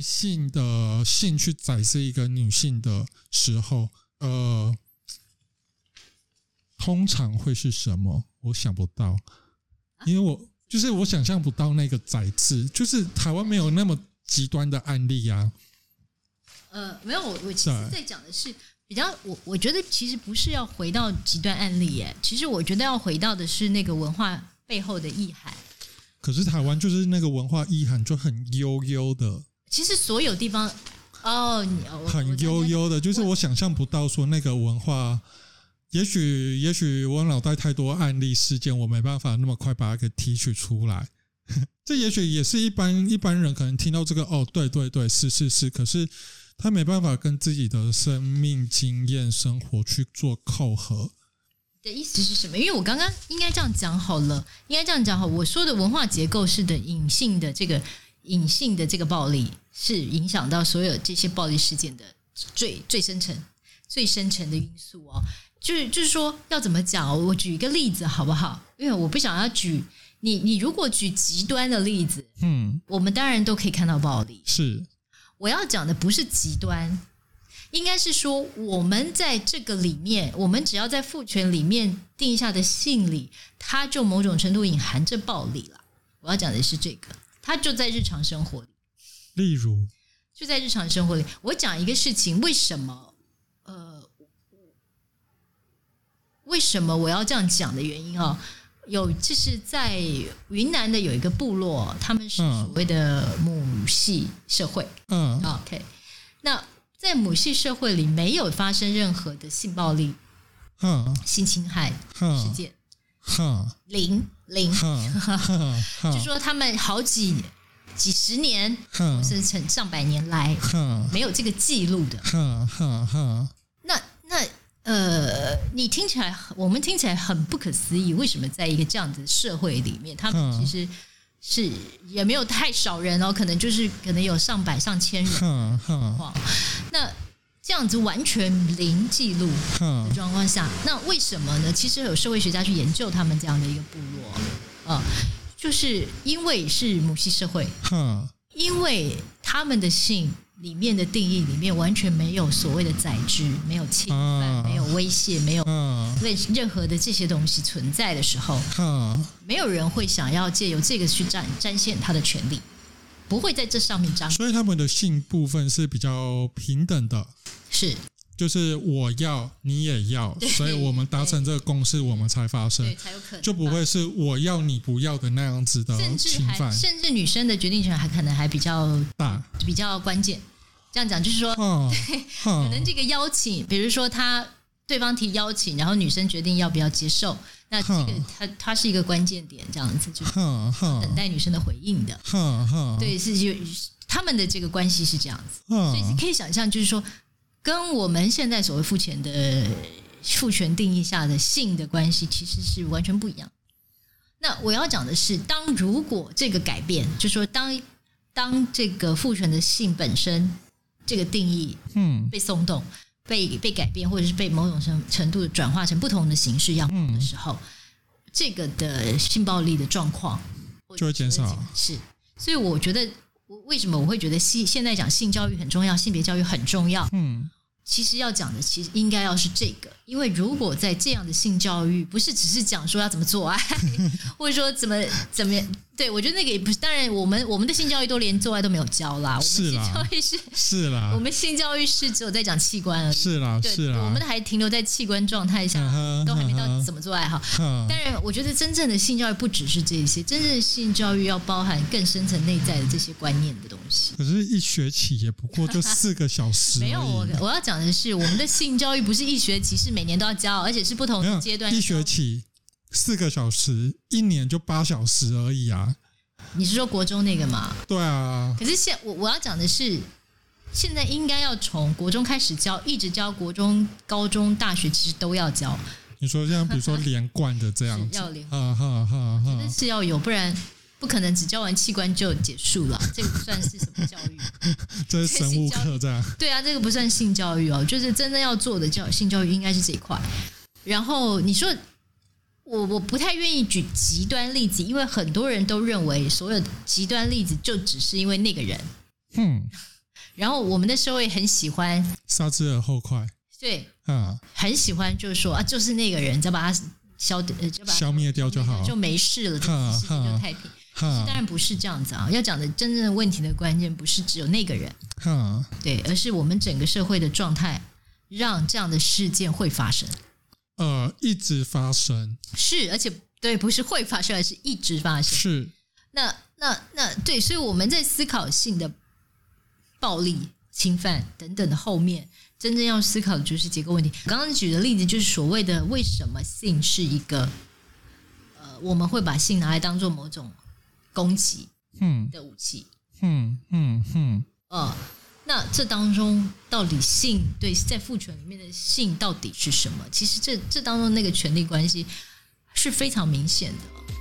性的性去宰制一個女性的時候，呃，通常會是什麼？我想不到，因為我就是我想象不到那個宰制，就是台灣沒有那麼極端的案例啊。呃，沒有，我我其實在講的是比較，我我覺得其實不是要回到極端案例耶，其實我覺得要回到的是那個文化背後的意涵。可是台灣就是那個文化意涵就很悠悠的。其實所有地方，哦，你哦很悠悠的，就是我想象不到說那個文化很也許也許，我腦袋太多案例事件，我沒辦法那麼快把它給提取出來。這也許也是一般一般人可能聽到這個，哦，對對對，是是是。可是他沒辦法跟自己的生命經驗、生活去做扣合。的意思是什麼？因為我剛剛應該這樣講好了，應該這樣講好。我說的文化結構式的隱性的這個。隱性的這個暴力是影響到所有這些暴力事件的最最深層、最深層的因素哦。就是就是說，要怎麼講、哦？我舉一個例子好不好？因為我不想要舉，你你如果舉極端的例子，嗯，我們當然都可以看到暴力。是。我要講的不是極端，應該是說我們在這個裡面，我們只要在父權裡面定下的性裡，它就某種程度隱含着暴力了。我要講的是這個。他就在日常生活裡，例如，就在日常生活裡，我講一個事情，為什麼？呃，為什麼我要這樣講的原因啊、哦？有，就是在雲南的有一個部落，他們是所謂的母系社會。嗯，OK。那在母系社會裡沒有發生任何的性暴力、嗯，性侵害事件。嗯，嗯。零零，據說他們好幾幾十年，甚至成上百年來沒有這個記錄的。那那呃，你聽起來，我們聽起來很不可思議，為什麼在一個這樣的社會裡面，他們其實是也沒有太少人哦，可能就是可能有上百上千人哈那。這樣子完全零記錄的狀況下，哈 那為什麼呢？其實有社會學家去研究他們這樣的一個部落啊、嗯，就是因為是母系社會，哈 因為他們的性裡面的定義裡面完全沒有所謂的宰制、沒有侵犯、哈 沒有威脅、沒有任任何的這些東西存在的時候，哈 沒有人會想要借由這個去展展現他的權利，不會在這上面爭，所以他們的性部分是比較平等的。是，就是我要你也要，對所以我們達成這個共識，我們才發生，對，才有可能，就不會是我要你不要的那樣子的侵犯。甚至還，甚至女生的決定權還可能還比較大，比較關鍵。這樣講就是說哈對，可能這個邀請，比如說他對方提邀請，然後女生決定要不要接受，那這個他他哈是一個關鍵點，這樣子就是等待女生的回應的。對，是就他們的這個關係是這樣子，哈所以你可以想象就是說。跟我們現在所謂父權的父權定義下的性的關係其實是完全不一樣。那我要講的是，當如果這個改變，就說當當這個父權的性本身這個定義，嗯，被鬆動、嗯、被被改變，或者是被某種程度轉化成不同的形式樣的時候，嗯、這個的性暴力的狀況就會減少。是，所以我覺得。為什麼我會覺得性現在講性教育很重要，性別教育很重要？嗯，其實要講的其實應該要是這個，因為如果在這樣的性教育，不是只是講說要怎麼做愛， 或者說怎麼怎麼樣。對，我覺得那個也不是。當然，我們我們的性教育都連做愛都沒有教啦。是啦。我們性教育是是啦。我們性教育是只有在講器官而已是。是啦對是啦。對，我們的還停留在器官狀態下，啊、都還沒到怎麼做愛哈。但、啊、當然，我覺得真正的性教育不只是這些，真正的性教育要包含更深層內在的這些觀念的東西。可是，一學期也不過就四個小時、啊。沒有，我我要講的是，我們的性教育不是一學期，是每年都要教，而且是不同階段。一學期。四個小時，一年就八小時而已啊！你是說國中那個嗎？對啊。可是現我我要講的是，現在應該要從國中開始教，一直教國中、高中、大學，其實都要教。你說像比如說連貫的這樣子， 要連貫啊啊啊，真那是要有，不然不可能只教完器官就結束了， 這個不算是什麼教育。 這是生物課， 對啊，這個不算性教育哦、啊，就是真正要做的教性教育應該是這一塊。然後你說。我我不太願意舉極端例子，因為很多人都認為所有極端例子就只是因為那個人，哼、嗯。然後我們的社會很喜歡殺之而後快，對，啊，很喜歡就是說啊，就是那個人，只要把他消，呃，就把他消滅掉就好了，就沒事了，就、啊啊、就太平。啊啊、當然不是這樣子啊、哦，要講的真正的問題的關鍵不是只有那個人，哼、啊。對，而是我們整個社會的狀態讓這樣的事件會發生。呃，一直發生是，而且對，不是會發生，而是一直發生。是，那那那對，所以我們在思考性的暴力侵犯等等的後面，真正要思考的就是結構問題。我剛剛舉的例子就是所謂的為什麼性是一個呃，我們會把性拿來當做某種攻擊的武器。嗯嗯嗯。嗯嗯嗯呃，那這當中，到底性，對，在父權裡面的性到底是什麼？其實這這當中那個權力關係是非常明顯的哦。